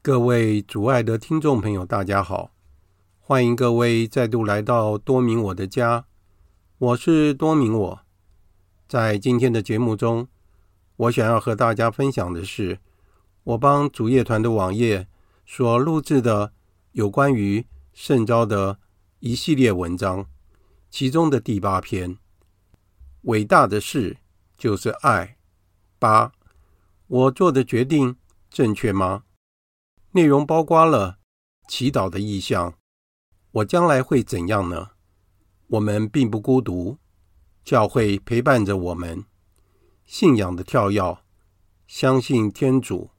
各位主愛的聽眾朋友，大家好，歡迎各位再度來到多明我的家。我是多明我。在今天的節目中，我想要和大家分享的是，我幫主業團的網頁所錄製的有關於聖召的一系列文章，其中的第八篇：偉大的事就是愛。八，我做的決定正確嗎？內容包括了祈禱的意向，我將來會怎樣呢？我們並不孤獨，教會陪伴着我們。信仰的跳躍，相信天主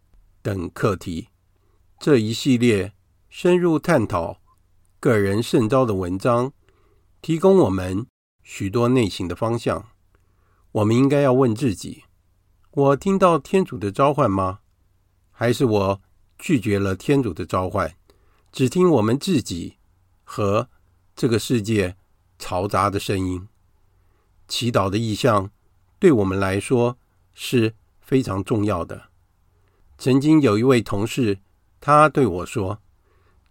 等課題，這一系列深入探討個人聖召的文章，提供我們許多內心的方向。我們應該要問自己：我聽到天主的召喚嗎？還是我？拒絕了天主的召喚，只聽我們自己和這個世界嘈雜的聲音。祈禱的意向對我們來說是非常重要的。曾經有一位同事，他對我說：“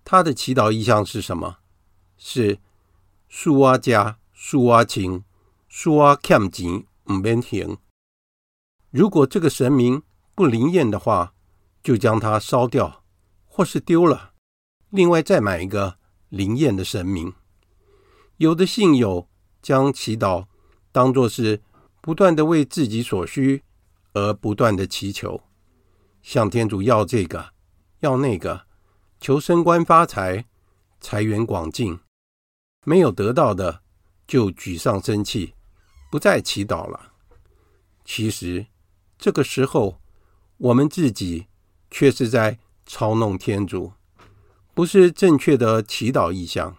他的祈禱意向是什麼？”是“蘇阿、啊、家蘇阿、啊、情、蘇阿看緊唔變停。”如果這個神明不靈驗的話。就將它燒掉，或是丟了。另外再買一個靈驗的神明。有的信友將祈禱當作是不斷的為自己所需而不斷的祈求，向天主要這個要那個，求升官發財，財源廣進。沒有得到的就沮喪生氣，不再祈禱了。其實這個時候，我們自己。卻是在操弄天主，不是正確的祈禱意向，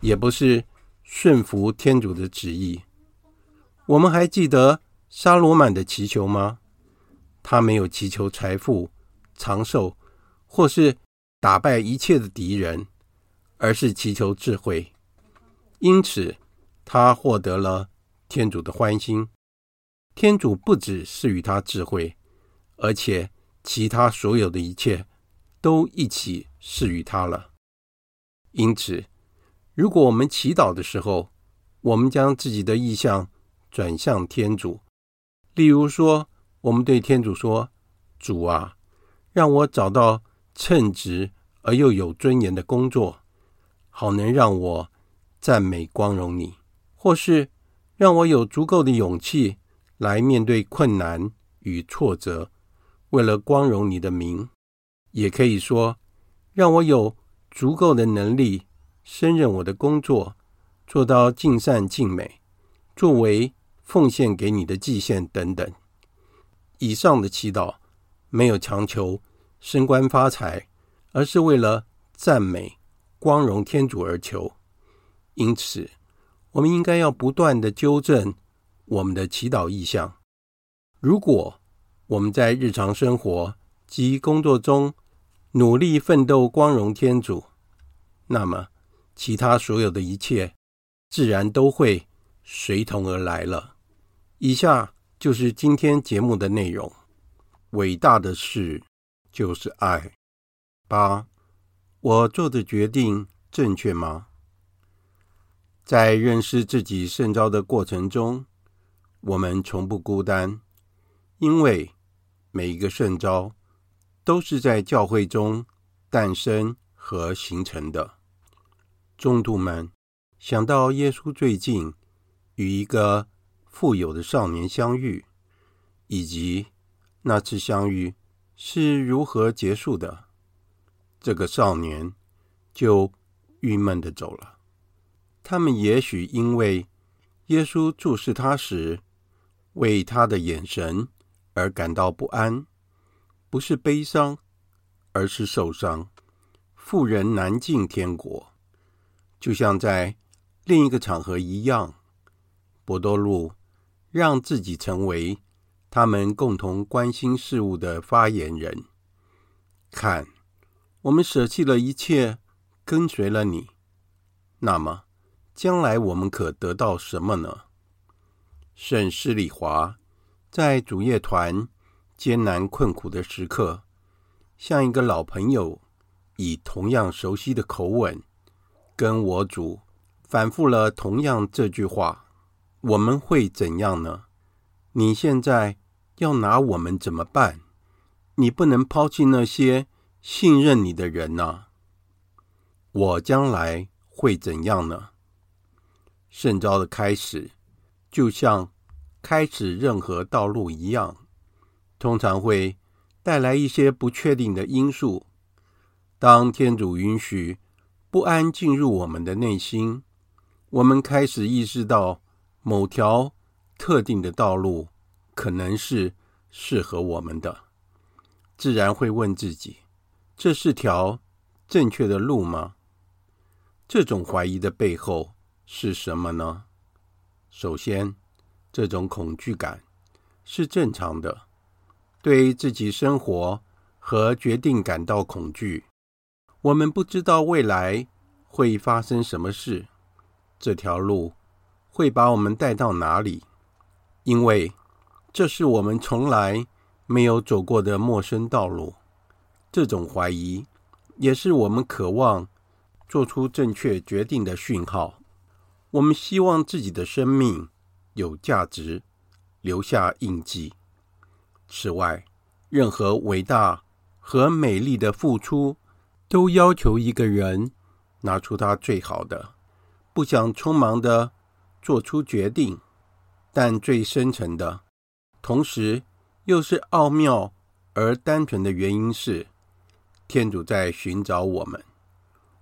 也不是順服天主的旨意。我們還記得撒羅滿的祈求嗎？他沒有祈求財富、長壽，或是打敗一切的敵人，而是祈求智慧。因此，他獲得了天主的歡心。天主不只賜予他智慧，而且。其他所有的一切都一起賜予他了。因此，如果我們祈禱的時候，我們將自己的意向轉向天主，例如說，我們對天主說：“主啊，讓我找到稱職而又有尊嚴的工作，好能讓我讚美光榮你；或是讓我有足夠的勇氣來面對困難與挫折。”為了光榮你的名，也可以說，讓我有足夠的能力勝任我的工作，做到盡善盡美，作為奉獻給你的祭獻等等。以上的祈禱沒有強求升官發財，而是為了讚美、光榮天主而求。因此，我們應該要不斷地糾正我們的祈禱意向，如果。我們在日常生活及工作中努力奮鬥，光榮天主。那麼，其他所有的一切自然都會隨同而來了。以下就是今天節目的內容：偉大的事就是愛。八，我做的決定正確嗎？在認識自己聖召的過程中，我們從不孤單，因為。每一個聖召，都是在教會中誕生和形成的。宗徒們想到耶穌最近與一個富有的少年相遇，以及那次相遇是如何結束的，這個少年就鬱悶地走了。他們也許因為耶穌注視他時，為他的眼神。而感到不安，不是悲傷，而是受傷。富人難進天國，就像在另一個場合一樣。伯多祿讓自己成為他們共同關心事物的發言人。看，我們捨棄了一切，跟隨了你。那麼，將來我們可得到什麼呢？聖施禮華。在主業團艱難困苦的時刻，像一個老朋友，以同樣熟悉的口吻，跟我主反復了同樣這句話：我們會怎樣呢？你現在要拿我們怎麼辦？你不能拋棄那些信任你的人呢、啊？我將來會怎樣呢？聖召的開始，就像。開始任何道路一樣，通常會帶來一些不確定的因素。當天主允許不安進入我們的內心，我們開始意識到某條特定的道路可能是適合我們的，自然會問自己：這是條正確的路嗎？這種懷疑的背後是什麼呢？首先，這種恐懼感是正常的，對於自己生活和決定感到恐懼。我們不知道未來會發生什麼事，這條路會把我們帶到哪裡，因為這是我們從來沒有走過的陌生道路。這種懷疑也是我們渴望做出正確決定的訊號。我們希望自己的生命，有價值，留下印記。此外，任何偉大和美麗的付出，都要求一個人拿出他最好的，不想匆忙的做出決定。但最深沉的，同時又是奧妙而單純的原因是，天主在尋找我們，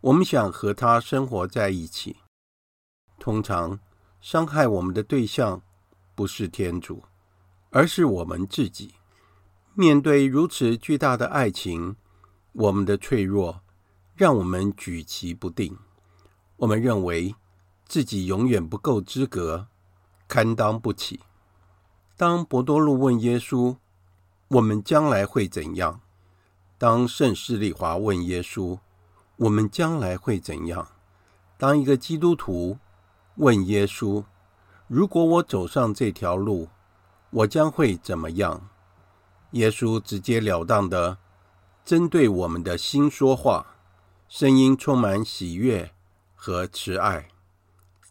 我們想和他生活在一起。通常。傷害我們的對象不是天主，而是我們自己。面對如此巨大的愛情，我們的脆弱讓我們舉棋不定。我們認為自己永遠不夠資格，堪當不起。當伯多祿問耶穌：“我們將來會怎樣？”當聖施利華問耶穌：“我們將來會怎樣？”當一個基督徒。問耶穌：“如果我走上這條路，我將會怎麼樣？”耶穌直截了當地針對我們的心說話，聲音充滿喜悅和慈愛。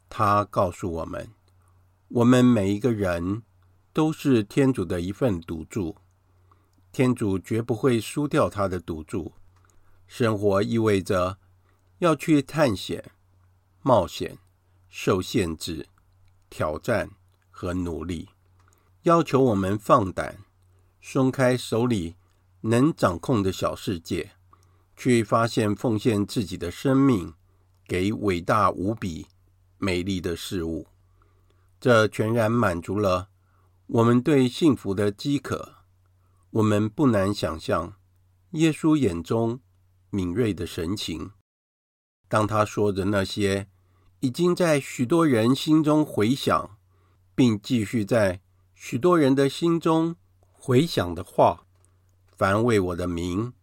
他告訴我們：“我們每一個人都是天主的一份賭注，天主絕不會輸掉他的賭注。生活意味着要去探險、冒險。”受限制、挑戰和努力，要求我們放膽、鬆開手裡能掌控的小世界，去發現奉獻自己的生命給偉大無比、美麗的事物。這全然滿足了我們對幸福的飢渴。我們不難想象耶穌眼中敏銳的神情，當他說的那些。已經在許多人心中回響，並繼續在許多人的心中回響的話：凡為我的名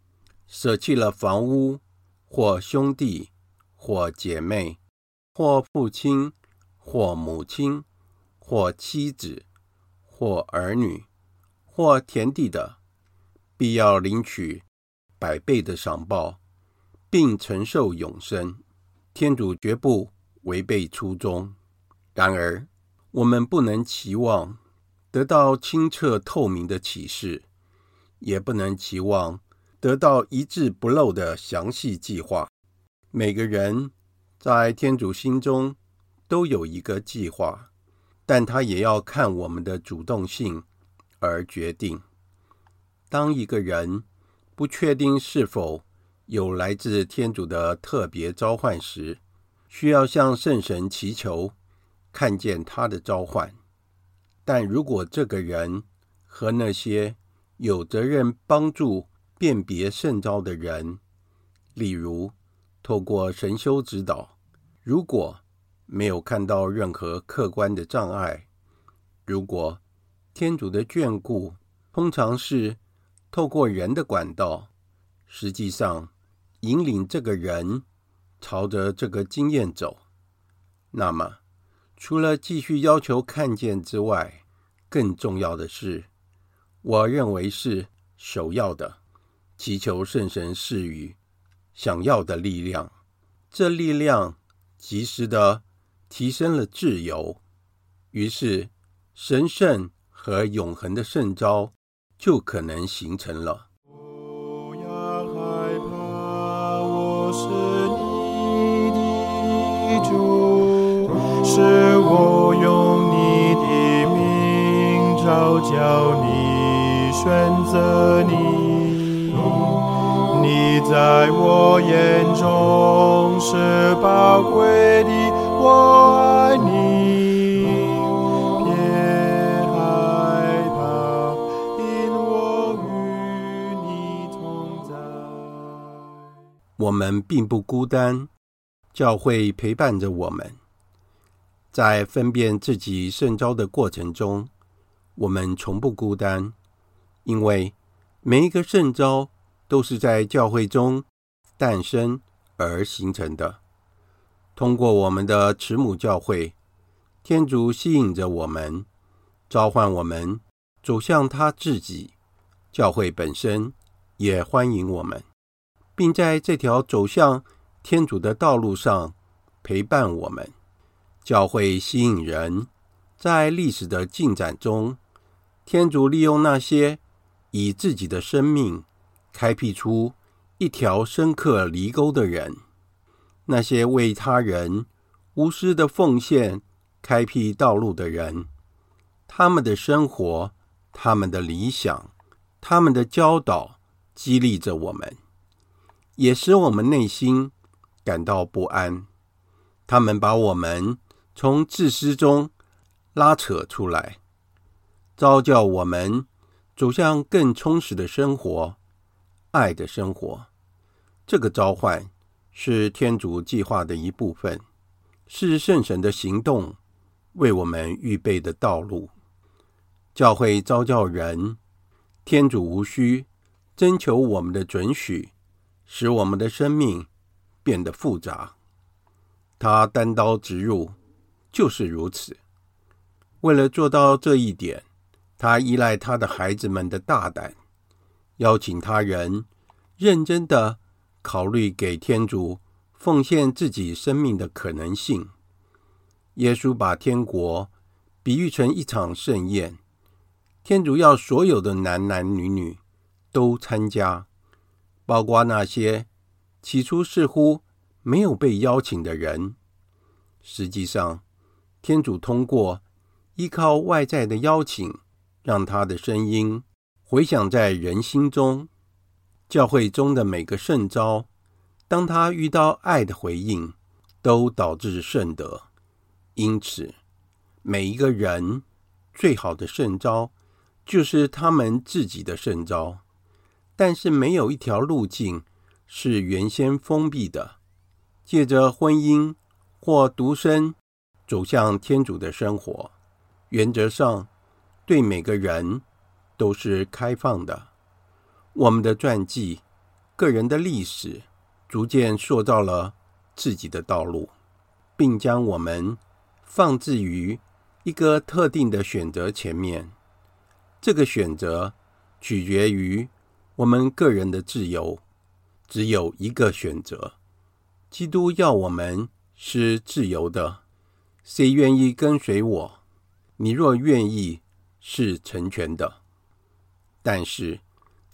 捨棄了房屋或兄弟或姐妹或父親或母親或妻子或兒女或田地的，必要領取百倍的賞報，並承受永生。天主絕不。違背初衷。然而，我們不能期望得到清澈透明的啟示，也不能期望得到一字不漏的詳細計劃。每個人在天主心中都有一個計劃，但他也要看我們的主動性而決定。當一個人不確定是否有來自天主的特別召喚時，需要向聖神祈求，看見他的召喚。但如果這個人和那些有責任幫助辨別聖召的人，例如透過神修指導，如果沒有看到任何客觀的障礙，如果天主的眷顧通常是透過人的管道，實際上引領這個人，朝着這個經驗走，那麼除了繼續要求看見之外，更重要的是，我認為是首要的，祈求聖神賜予想要的力量。這力量及時的提升了自由，於是神聖和永恆的聖召就可能形成了。是我用你的名召叫你，選擇你。你在我眼中是寶貴的，我愛你。別害怕，因我與你同在。我們並不孤單，教會陪伴着我們。在分辨自己聖召的過程中，我們從不孤單，因為每一個聖召都是在教會中誕生而形成的。通過我們的慈母教會，天主吸引着我們，召喚我們走向他自己。教會本身也歡迎我們，並在這條走向天主的道路上陪伴我們。教會吸引人，在歷史的進展中，天主利用那些以自己的生命開闢出一條深刻犁溝的人，那些為他人無私的奉獻開闢道路的人，他們的生活、他們的理想、他們的教導，激勵着我們，也使我們內心感到不安。他們把我們從自私中拉扯出來，召叫我們走向更充實的生活，愛的生活。這個召喚是天主計劃的一部分，是聖神的行動為我們預備的道路。教會召叫人，天主無需徵求我們的准許，使我們的生命變得複雜。他單刀直入。就是如此。為了做到這一點，他依賴他的孩子們的大膽，邀請他人認真地考慮給天主奉獻自己生命的可能性。耶穌把天國比喻成一場盛宴，天主要所有的男男女女都參加，包括那些起初似乎沒有被邀請的人。實際上，天主通過依靠外在的邀請，讓他的聲音回響在人心中。教會中的每個聖召，當他遇到愛的回應，都導致聖德。因此，每一個人最好的聖召，就是他們自己的聖召。但是，沒有一條路徑是原先封閉的。借着婚姻或獨身。走向天主的生活，原則上對每個人都是開放的。我們的傳記、個人的歷史，逐漸塑造了自己的道路，並將我們放置於一個特定的選擇前面。這個選擇取決於我們個人的自由，只有一個選擇，基督要我們是自由的。誰願意跟隨我？你若願意，是成全的。但是，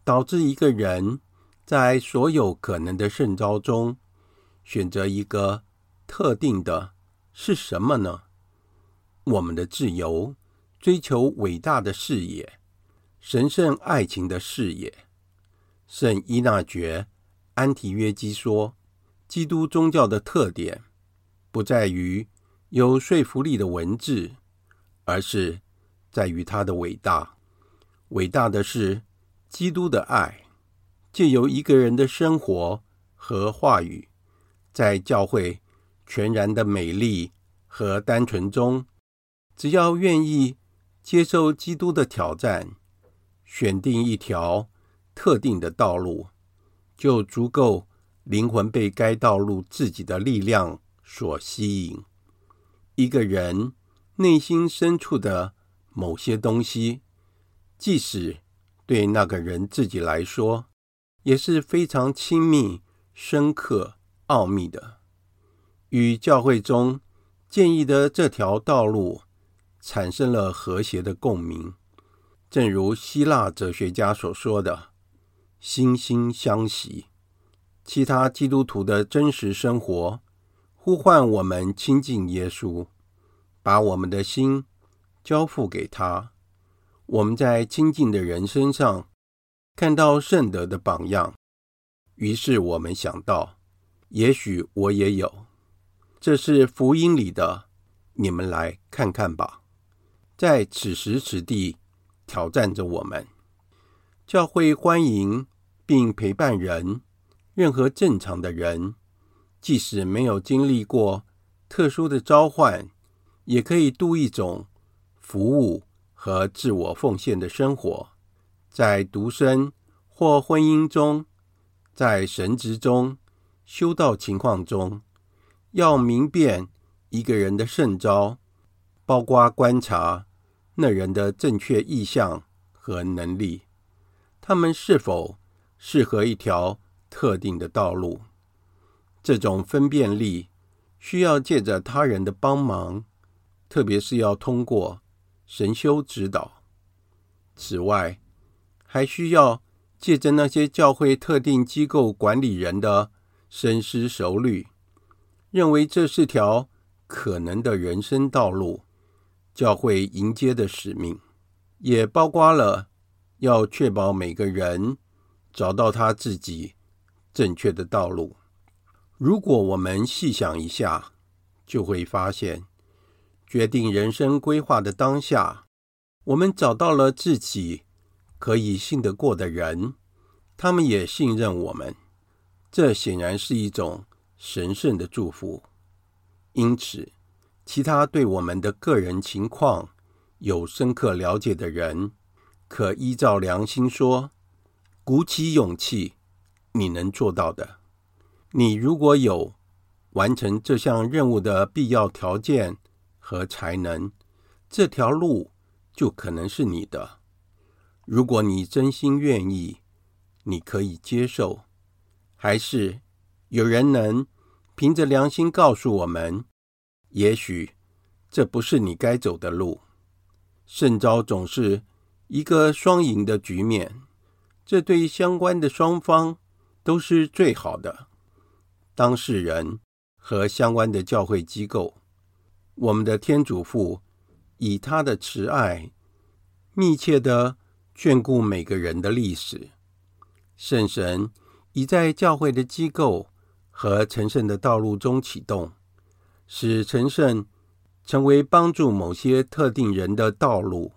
導致一個人在所有可能的聖召中選擇一個特定的是什麼呢？我們的自由，追求偉大的事業，神聖愛情的事業。聖伊納爵、安提約基說，基督宗教的特點不在於。有說服力的文字，而是在於它的偉大。偉大的是基督的愛，借由一個人的生活和話語，在教會全然的美麗和單純中，只要願意接受基督的挑戰，選定一條特定的道路，就足夠靈魂被該道路自己的力量所吸引。一個人內心深處的某些東西，即使對那個人自己來說，也是非常親密、深刻、奧秘的，與教會中建議的這條道路產生了和諧的共鳴。正如希臘哲學家所說的“惺惺相惜”，其他基督徒的真實生活。呼喚我們親近耶穌，把我們的心交付給他。我們在親近的人身上看到聖德的榜樣，於是我們想到，也許我也有。這是福音裡的，你們來看看吧。在此時此地挑戰着我們，教會歡迎並陪伴人，任何正常的人。即使沒有經歷過特殊的召喚，也可以度一種服務和自我奉獻的生活。在獨身或婚姻中，在神職中、修道情況中，要明辨一個人的聖召，包括觀察那人的正確意向和能力，他們是否適合一條特定的道路。這種分辨力，需要借着他人的幫忙，特別是要通過神修指導。此外，還需要借着那些教會特定機構管理人的深思熟慮，認為這是條可能的人生道路。教會迎接的使命也包括了要確保每個人找到他自己正確的道路。如果我們細想一下，就會發現，決定人生規劃的當下，我們找到了自己可以信得過的人，他們也信任我們。這顯然是一種神聖的祝福。因此，其他對我們的個人情況有深刻了解的人，可依照良心說，鼓起勇氣，你能做到的。你如果有完成這項任務的必要條件和才能，這條路就可能是你的。如果你真心願意，你可以接受。還是有人能憑着良心告訴我們，也許這不是你該走的路。聖召總是一個雙贏的局面，這對相關的雙方都是最好的。當事人和相關的教會機構，我們的天主父以他的慈愛，密切地眷顧每個人的歷史。聖神已在教會的機構和成聖的道路中啟動，使成聖成為幫助某些特定人的道路。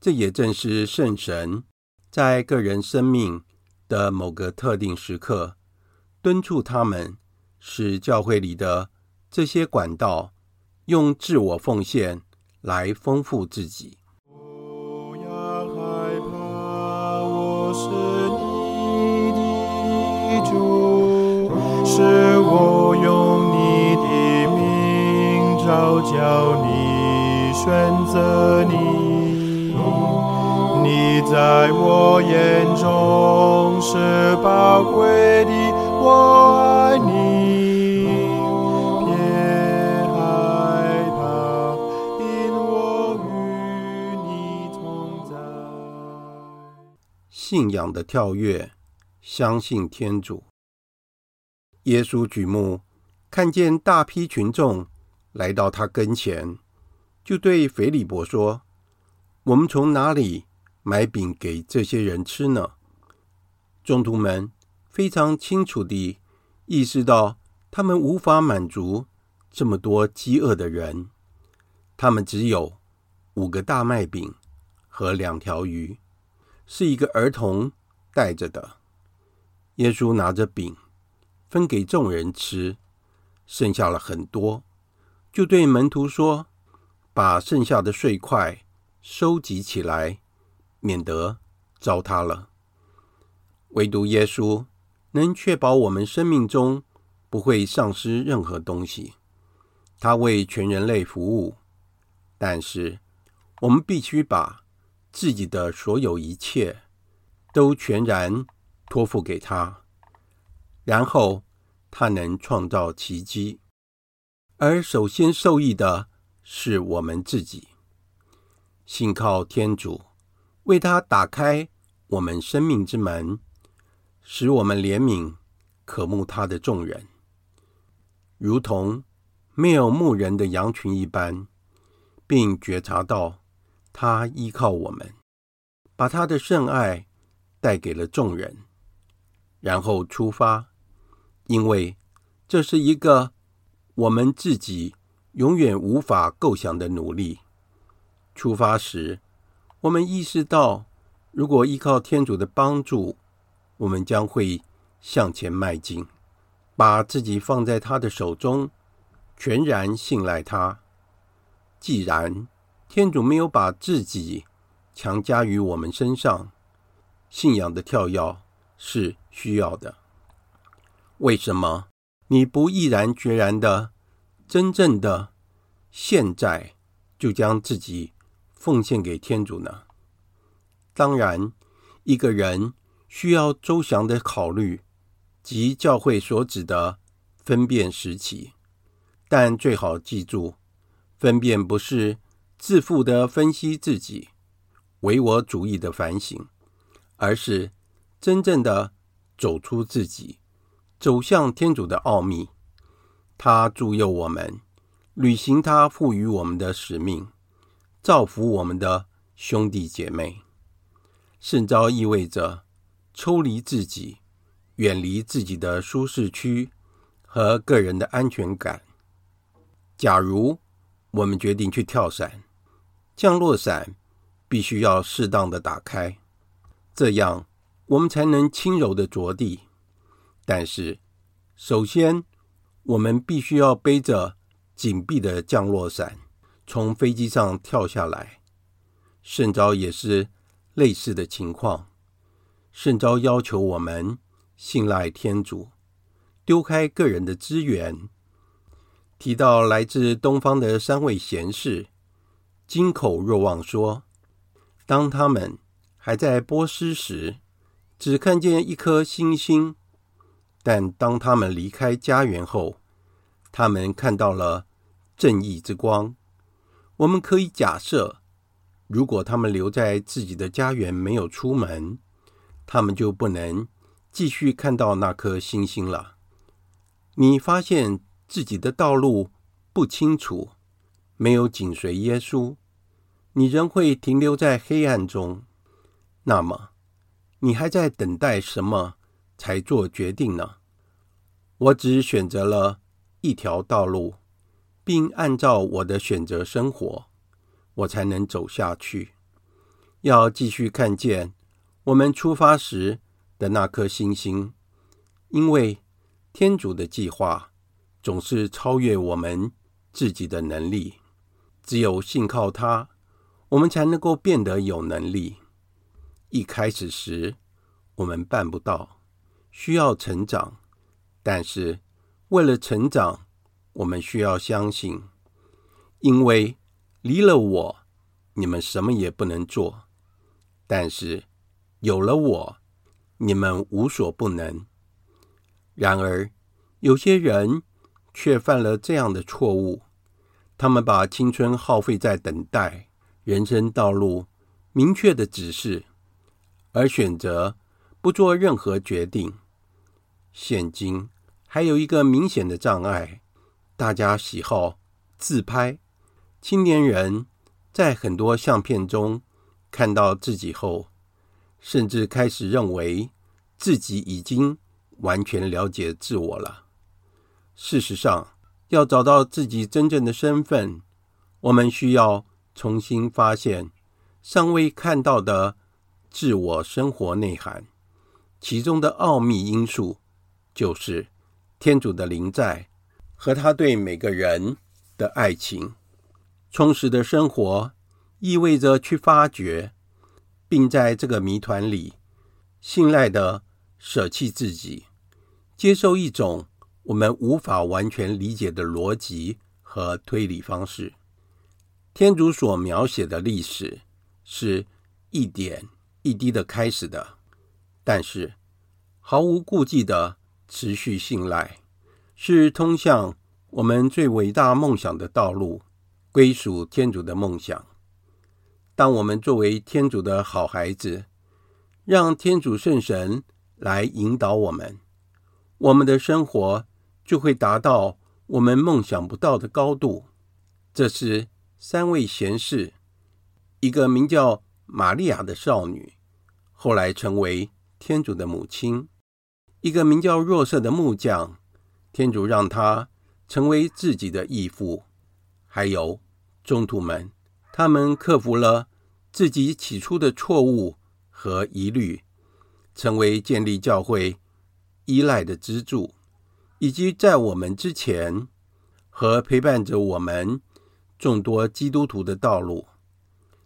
這也正是聖神在個人生命的某個特定時刻。敦促他們使教會裡的這些管道用自我奉獻來豐富自己。不要害怕，我是你的主，哦、是我用你的名召叫你，選擇你，哦、你在我眼中是寶貴的我愛你，別害怕，因我與你同在。信仰的跳躍，相信天主。耶穌舉目看見大批群眾來到他跟前，就對斐理伯說：“我們從哪裡買餅給這些人吃呢？”宗徒們。非常清楚地意識到，他們無法滿足這麼多飢餓的人，他們只有五個大麥餅和兩條魚，是一個兒童帶着的。耶穌拿着餅分給眾人吃，剩下了很多，就對門徒說：“把剩下的碎塊收集起來，免得糟蹋了。”唯獨耶穌，能確保我們生命中不會喪失任何東西。他為全人類服務，但是我們必須把自己的所有一切都全然托付給他，然後他能創造奇蹟，而首先受益的是我們自己。信靠天主，為他打開我們生命之門。使我們憐憫、渴慕他的眾人，如同沒有牧人的羊群一般，並覺察到他依靠我們，把他的聖愛帶給了眾人，然後出發，因為這是一個我們自己永遠無法構想的努力。出發時，我們意識到，如果依靠天主的幫助，我們將會向前邁進，把自己放在他的手中，全然信賴他。既然天主沒有把自己強加於我們身上，信仰的跳躍是需要的。為什麼你不毅然決然的、真正的現在就將自己奉獻給天主呢？當然，一個人。需要周詳的考慮，及教會所指的分辨時期。但最好記住，分辨不是自負地分析自己、唯我主義的反省，而是真正地走出自己，走向天主的奧秘。他助佑我們，履行他賦予我們的使命，造福我們的兄弟姐妹。聖召意味着。抽離自己，遠離自己的舒適區和個人的安全感。假如我們決定去跳傘，降落傘必須要適當的打開，這樣我們才能輕柔的着地。但是，首先我們必須要背着緊閉的降落傘從飛機上跳下來。聖召也是類似的情況。聖召要求我們信賴天主，丟開個人的資源。提到來自東方的三位賢士，金口若望說：“當他們還在波斯時，只看見一顆星星；但當他們離開家園後，他們看到了正義之光。”我們可以假設，如果他們留在自己的家園，沒有出門。他們就不能繼續看到那顆星星了。你發現自己的道路不清楚，沒有緊隨耶穌，你仍會停留在黑暗中。那麼，你還在等待什麼才做決定呢？我只選擇了一條道路，並按照我的選擇生活，我才能走下去。要繼續看見，我們出發時的那顆星星，因為天主的計劃總是超越我們自己的能力，只有信靠他，我們才能夠變得有能力。一開始時，我們辦不到，需要成長。但是為了成長，我們需要相信，因為離了我，你們什麼也不能做。但是。有了我，你們無所不能。然而，有些人卻犯了這樣的錯誤：他們把青春耗費在等待人生道路明確的指示，而選擇不做任何決定。現今還有一個明顯的障礙：大家喜好自拍，青年人在很多相片中看到自己後。甚至開始認為自己已經完全了解自我了。事實上，要找到自己真正的身份，我們需要重新發現尚未看到的自我生活內涵。其中的奧秘因素，就是天主的臨在和他對每個人的愛情。充實的生活意味着去發掘。並在這個謎團裡，信賴地捨棄自己，接受一種我們無法完全理解的邏輯和推理方式。天主所描寫的歷史是一點一滴的開始的，但是毫無顧忌地持續信賴，是通向我們最偉大夢想的道路——歸屬天主的夢想。當我們作為天主的好孩子，讓天主聖神來引導我們，我們的生活就會達到我們夢想不到的高度。這是三位賢士：一個名叫瑪利亞的少女，後來成為天主的母親；一個名叫若瑟的木匠，天主讓他成為自己的義父；還有宗徒們。他們克服了自己起初的錯誤和疑慮，成為建立教會依賴的支柱，以及在我們之前和陪伴着我們眾多基督徒的道路。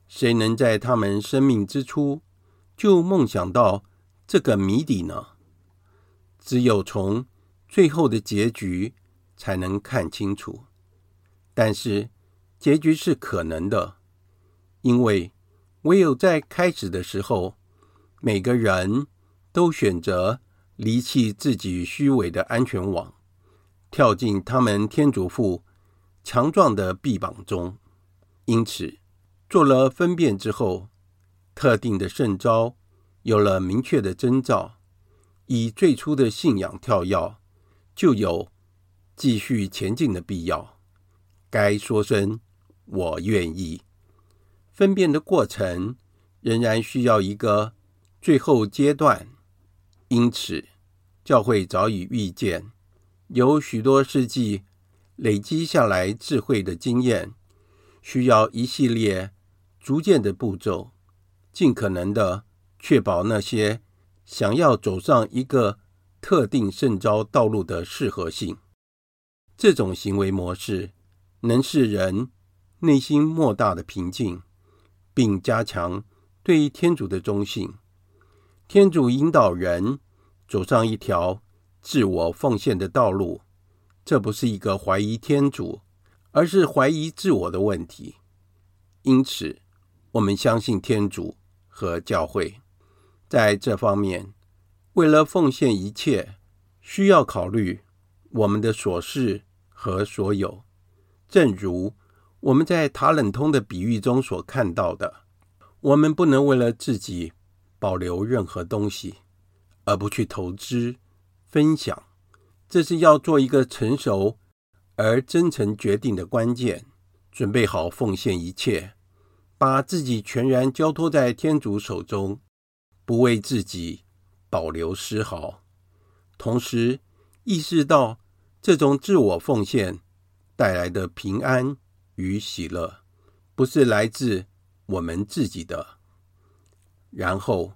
誰能在他們生命之初就夢想到這個謎底呢？只有從最後的結局才能看清楚。但是結局是可能的。因為唯有在開始的時候，每個人都選擇離棄自己虛偽的安全網，跳進他們天主父強壯的臂膀中。因此，做了分辨之後，特定的聖召有了明確的徵兆，以最初的信仰跳躍，就有繼續前進的必要。該說聲“我願意”。分辨的過程仍然需要一個最後階段，因此教會早已預見，有許多世紀累積下來智慧的經驗，需要一系列逐漸的步驟，盡可能的確保那些想要走上一個特定聖召道路的適合性。這種行為模式能使人內心莫大的平靜。並加強對於天主的忠信，天主引導人走上一條自我奉獻的道路。這不是一個懷疑天主，而是懷疑自我的問題。因此，我們相信天主和教會在這方面，為了奉獻一切，需要考慮我們的所是和所有，正如。我們在塔冷通的比喻中所看到的，我們不能為了自己保留任何東西而不去投資分享。這是要做一個成熟而真誠決定的關鍵：準備好奉獻一切，把自己全然交託在天主手中，不為自己保留絲毫。同時意識到這種自我奉獻帶來的平安與喜樂不是來自我們自己的。然後，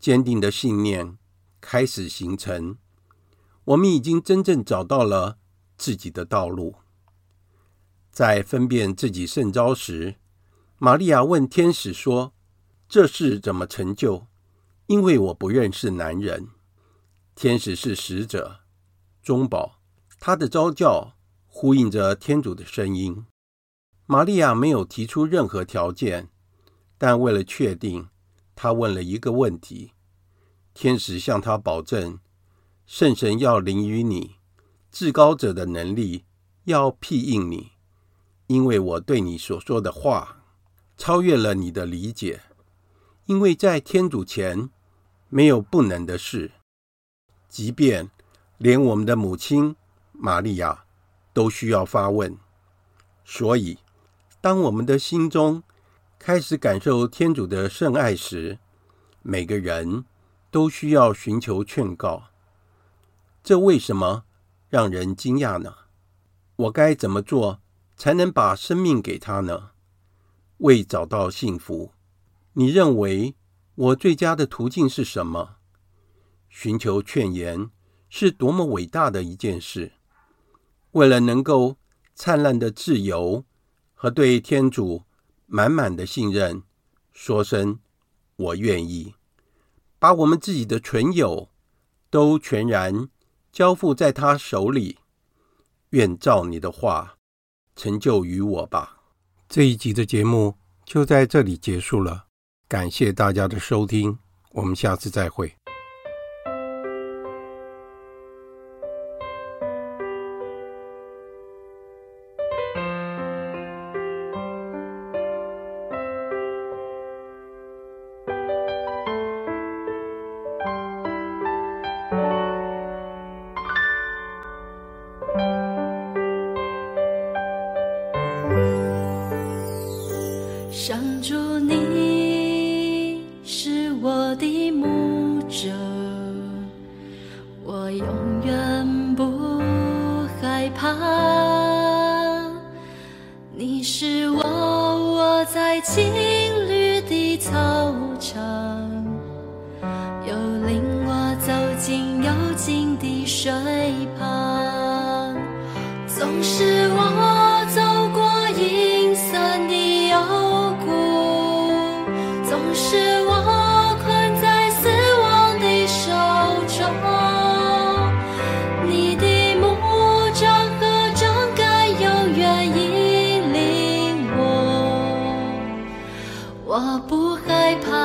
堅定的信念開始形成。我們已經真正找到了自己的道路。在分辨自己聖召時，瑪利亞問天使說：“這事怎麼成就？因為我不認識男人。”天使是使者、中保，他的召叫呼應着天主的聲音。瑪利亞沒有提出任何條件，但為了確定，她問了一個問題。天使向她保證：聖神要臨於你，至高者的能力要庇蔭你，因為我對你所說的話超越了你的理解，因為在天主前沒有不能的事，即便連我們的母親瑪利亞都需要發問，所以。當我們的心中開始感受天主的聖愛時，每個人都需要尋求勸告。這為什麼讓人驚訝呢？我該怎麼做才能把生命給他呢？為找到幸福，你認為我最佳的途徑是什麼？尋求勸言是多麼偉大的一件事！為了能夠燦爛的自由。和對天主滿滿的信任，說聲我願意，把我們自己的存有都全然交付在他手裡，願照你的話成就於我吧。這一集的節目就在這裡結束了，感謝大家的收聽，我們下次再會。我不害怕。